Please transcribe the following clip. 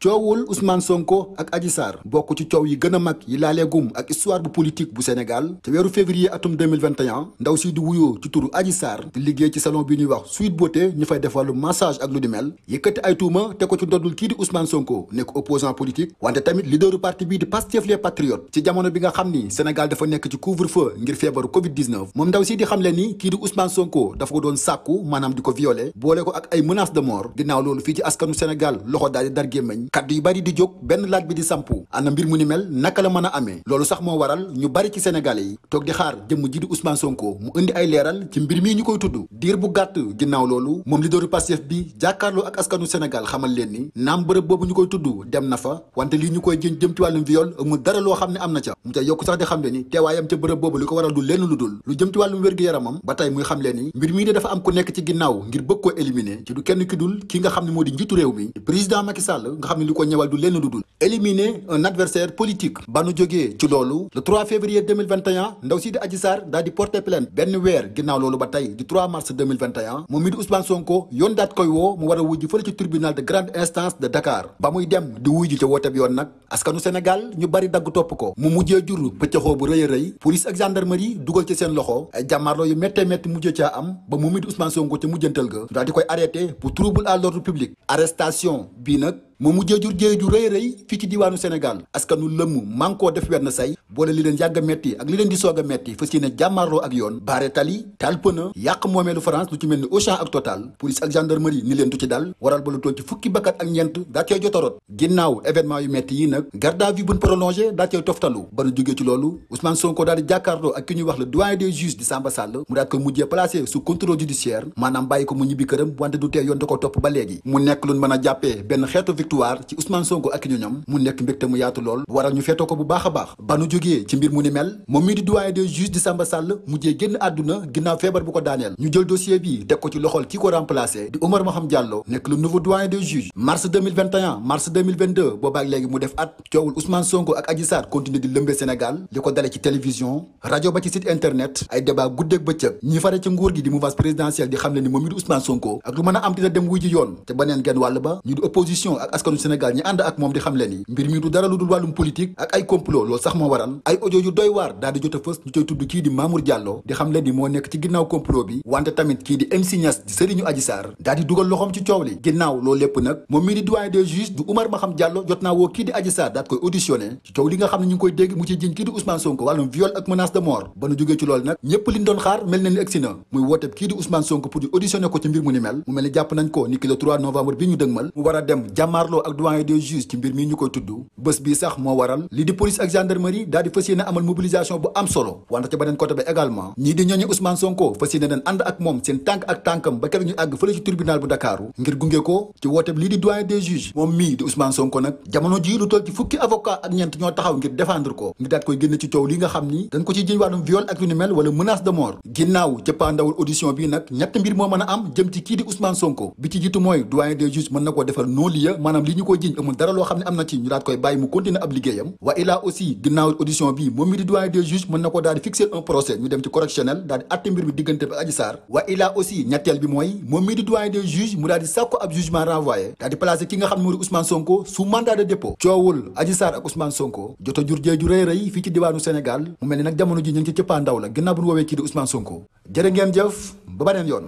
coowul Ousmane Sonko ak Adji Sarr bokku ci coow yi gëna mag yi laaleegum ak histoire bu politique bu Sénégal te weeru février atum 2021 ndaw si du wuyoo ci turu Adji Sarr di liggé ci salon bi ñuy wax Sweet Beauté ñu fay defal massage ak lu di mel yëkkati ay tuuma te ko ci ndoddul kii di Ousmane Sonko nek opposant politique wante tamit du parti bi di Pastef les Patriotes ci jamono bi nga xamni Sénégal dafa nek ci couvre-feu ngir fièvre Covid 19 mom ndaw si di xamle ni ki di Ousmane Sonko dafa ko doon sàkku maanaam di ko violé ko ak ay menaces de mort ginnaaw lolu fi ci askanu Sénégal loxo daal dar kat yu bari di jóg benn laaj bi di sampu ana mbir mu ni mel naka la mën a amee loolu sax moo waral ñu bari ci sénégalais yi toog di xaar jëmm ji di Ousmane Sonko mu indi ay leeral ci mbir mi ñu koy tudd diir bu gàtt ginnaaw loolu moom leaderu Pastef bi jàkkaarloo ak askanu Sénégal xamal leen ni naam bërëb boobu ñu koy tudd dem na fa wante li ñu koy jën jëm ci wàllum viol mu dara loo xam ne am na ca mu ca yokk sax di xam le ni teewaayam ca bërëb lu dul lu jëm ci wàllum wér-gu-yaramam ba leen ni mbir mii am ku nekk ci ginnaaw ngir bëgg koo éliminer ci kenn ki ki nga xam ne moo di njiitu réew mi président Macky Sall xam ne lu ko du dul éliminer un adversaire politique ba nu jógee ci loolu le 3 février 2021 ndaw si di Adji Sarr daal di porter plainte Ben weer ginnaaw loolu ba tey du 3 mars 2021 moom Ousmane Sonko yoon daat koy woo mu war a wujji ci tribunal de grande instance de Dakar ba muy dem di wujji ca wooteb yoon nag askanu Sénégal ñu bari dagg topp ko mu mujjee jur pëccëxoo bu rëy a police ak gendarmerie dugal ci seen loxo ay jàmmaarloo yu méttee métti mujjee caa am ba moom Ousmane Sonko ca mujjantal ga daal di koy arrêté pour trouble à l'ordre public arrestation bii nag mu mujjee jur jéeju rëy rëy fii ci diwaanu Sénégal askanu lëmm mànkoo def wenn say boole li leen yàgg a metti ak li leen di soog a metti fas yéene jàmmaarloo ak yoon baare tali taal yàq moomeelu France lu ci mel ni Auchan ak Total police ak gendarmerie ni leen du ci dal waral ba lu toll ci fukki bakkat ak ñeent daa cay jotorot ginnaaw événement yu metti yi nag garde à vue buñ prolongé daa cay toftalu ba nu jógee ci loolu Ousmane Sonko wax le doyen des juges di Samba Sall mu ko da nekk luñ mën a jàppee benn victoire ci Ousmane Sonko ak ñoñam mu nekk mbégte mu yaatu lool waral ñu feetoo ko bu baaxa baax ba nu ci mbir mu ni mel moom mi di doyen de juge de Samba Sall jé génn aduna ginnaw feebar bu ko daanel ñu jël dossier bi teg ko ci loxol kiko remplacer remplacé di Omar Maham Diallo nekk le nouveau doyen de juge mars 2021 mars 2022 baak légui mu def at coowul Ousmane Sonko ak Adji Sarr continue di lëmbe Sénégal liko dalé ci télévision radio ba ci site internet ay débat ak bëccëg ñi faré ci nguur gi di mouvance présidentielle di xamné ni moom mi di Ousmane Sonko ak lu mëna am dina dem wuy ji yoon té banen genn wàll ba ñu di opposition ak askanu Sénégal ñi ànd ak moom di xam leen yi mbir mi du dara lu dul wàllum politique ak ay complot loolu sax moo waral ay audio doy waar daal di a fës ñu coy tudd kii di Mamour Diallo di xam leen ni moo nekk ci ginnaaw complot bi wante tamit kii di MC Niass di sëriñu Adji Sarr daal dugal loxoom ci coow li ginnaaw loolu lépp nag moom mii di doyen des juges du Oumar Maham Diallo jot naa woo kii di Adji Sarr daat koy auditionné ci coow li nga xam ne ñu koy dégg na ni egsi na muy wooteb kii di Ousmane jàmmaarloo ak doyen des juges ci mbir mi ñu koy tudd bés bii sax moo waral lii di police ak gendarmerie daal di amal mobilisation bu am solo wante ca ba également ñii di ñooñu ba keroog ñu di doyen des de mort ginnaaw mën a am jëm ci kii di Ousmane Sonko bi ci jiitu mooy mën na koo defal non lieu maanaam li ñu ko jiñ amul dara loo xam ne am na ci ñu daat koy bàyyi mu continuer ab liggéeyam wa ilaa aussi ginnaaw audition bi moom mi di doyen des juges mën na ko daal di fixer un procès ñu dem ci correctionnel daal di atte mbir mi diggante mu daal di sàkku ab jugement renvoyé daal di ki nga xam ne moo di Ousmane Sonko sous mandat de dépôt coowul Adji Sarr ak Ousmane Sonko jot a jur jee ju rëy rëy fii ci diwaanu Sénégal mu mel ni di Ousmane Sonko jërë ngeen jëf ba baneen yoon